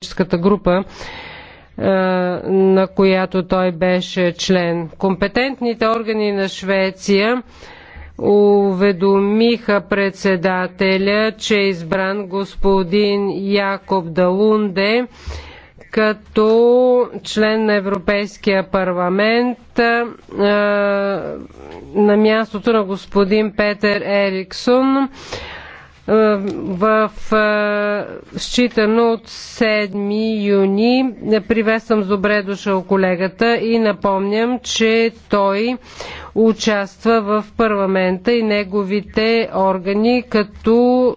политическата група, е, на която той беше член. Компетентните органи на Швеция уведомиха председателя, че е избран господин Якоб Далунде като член на Европейския парламент е, на мястото на господин Петър Ериксон в, считано от 7 юни. Приветствам с добре дошъл колегата и напомням, че той участва в парламента и неговите органи като